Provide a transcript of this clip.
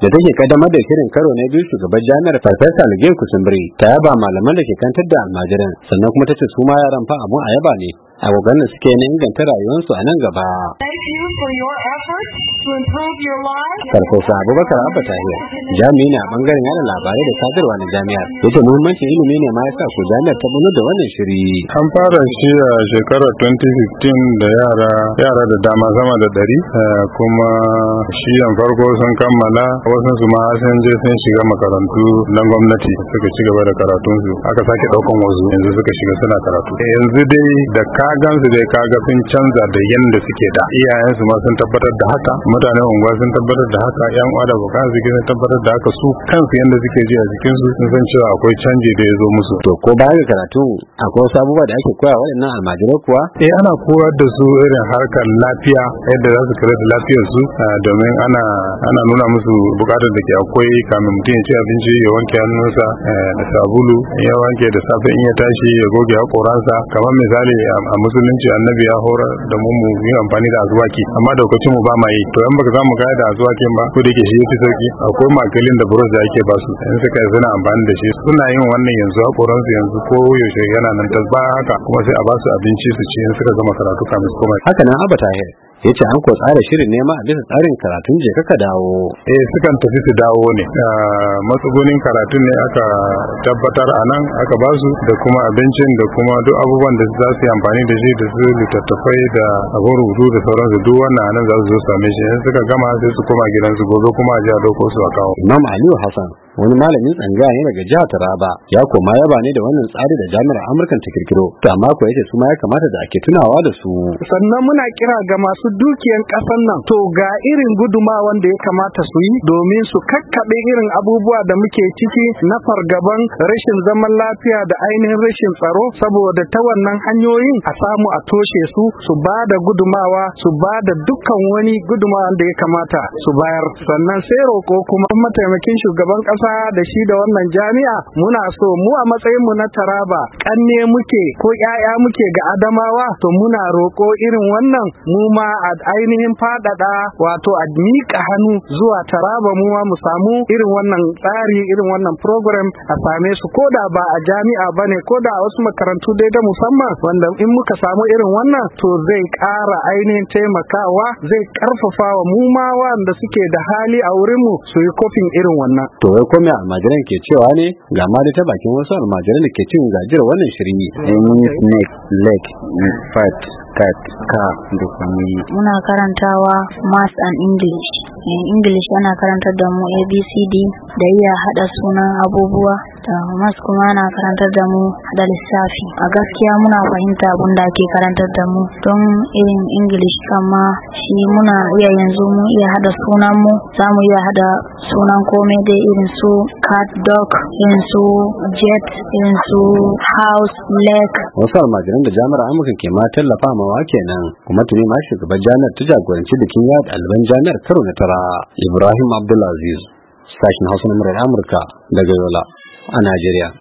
da take kaddamar da shirin karo na biyu shugaban jami'ar farfesa algen kusumbri ta yaba malaman da ke kantar da almajiran sannan kuma ta ce su ma yaran fa abun a yaba ne a kokarin suke na inganta rayuwarsu a nan gaba. sa Abubakar Abba Tahir, jami'i na bangaren yada labarai da sadarwa na jami'ar. Yake muhimmancin ilimi ne ma yasa ku jami'ar ta bano da wannan shiri. An fara shi a shekarar 2015 da yara yara da dama sama da ɗari eh, kuma shi yan farko sun kammala wasu su ma sun sun shiga makarantu na gwamnati suka ci gaba da karatunsu aka sake ɗaukan wasu yanzu suka shiga suna karatu. Eh, yanzu dai da ka gansu dai kaga sun canza da yanda suke da iyayensu ma sun tabbatar da haka mutanen unguwa sun tabbatar da haka yan uwa da bukan su sun tabbatar da haka su kansu yanda suke ji a jikin su sun san cewa akwai canji da ya zo musu to ko ba ga karatu akwai wasu abubuwa da ake koya waɗannan almajirai kuwa eh ana koyar da su irin harkar lafiya yadda za su kare da lafiyar su domin ana ana nuna musu bukatar da ke akwai kamin mutum ya ci abinci ya wanke hannunsa eh, da sabulu ya wanke da safe in ya tashi ya goge hakoransa kamar misali a musulunci annabi ya hora da mu mu yi amfani da azuwaki amma da lokacin mu ba ma yi to in baka zamu ga da azuwaki ba ko da yake shi yafi sauki akwai makalin da buros da ake basu, su in kai suna amfani da shi suna yin wannan yanzu hakoran su yanzu ko yaushe yana nan ta ba haka kuma sai a basu abinci su ci in suka gama karatu kamar kuma haka nan abata ya ce an ko tsara shirin nema a bisa tsarin karatun je kaka dawo eh sukan tafi su dawo ne ah, matsugunin karatun ne aka tabbatar a nan aka ba su da kuma abincin da kuma duk abubuwan da za su yi amfani da shi da su littattafai da abin rubutu da sauransu duk wannan nan za su zo same shi in suka gama sai su koma gidansu gobe kuma a ji a su a kawo imam aliyu hassan wani malamin tsangaya ne daga jihar Taraba ya koma yaba ne da wannan tsari da jami'ar Amurka ta kirkiro to amma ko yace su ma ya kamata da ake tunawa da su sannan muna kira ga masu dukiyan kasan nan to ga irin guduma wanda ya kamata su yi domin su kakkabe irin abubuwa da muke ciki na fargaban rashin zaman lafiya da ainihin rashin tsaro saboda ta wannan hanyoyin a samu a toshe su su ba da gudumawa su ba da dukkan wani gudumawa da ya kamata su bayar sannan sai roko kuma mataimakin shugaban kasa Kaduna da shi da wannan jami'a muna so mu a matsayin mu na Taraba kanne muke ko yaya muke ga Adamawa to muna roko irin wannan mu ma a ainihin fadada wato a miƙa hannu zuwa Taraba mu ma mu samu irin wannan tsari irin wannan program a same su ko da ba a jami'a bane ko da a wasu makarantu dai da musamman wanda in muka samu irin wannan to zai ƙara ainihin taimakawa zai ƙarfafa wa mu ma wanda suke da hali a wurin mu su yi kofin irin wannan to komai almajiran ke cewa ne ga ma ta bakin wasu almajiran ke cin gajiyar wannan shirin yi snake leg fat cat ka da kuma yi muna karantawa math and english in eh, english ana karantar da mu abcd da iya hada sunan abubuwa da mas kuma na karantar da mu da lissafi a gaskiya muna fahimta abin da ake karantar da mu don irin english kama shi muna iya yanzu mu iya hada sunan mu za mu iya hada sunan komai da irin su cat dog irin su jet irin su house lake wasu almajiran da jami'ar amurka ke ma tallafa mawa kenan kuma tuni ma shugaban janar ta jagoranci bikin yad ɗaliban jami'ar karo na tara ibrahim abdulaziz sashen hausa na murar amurka daga yola a Najeriya.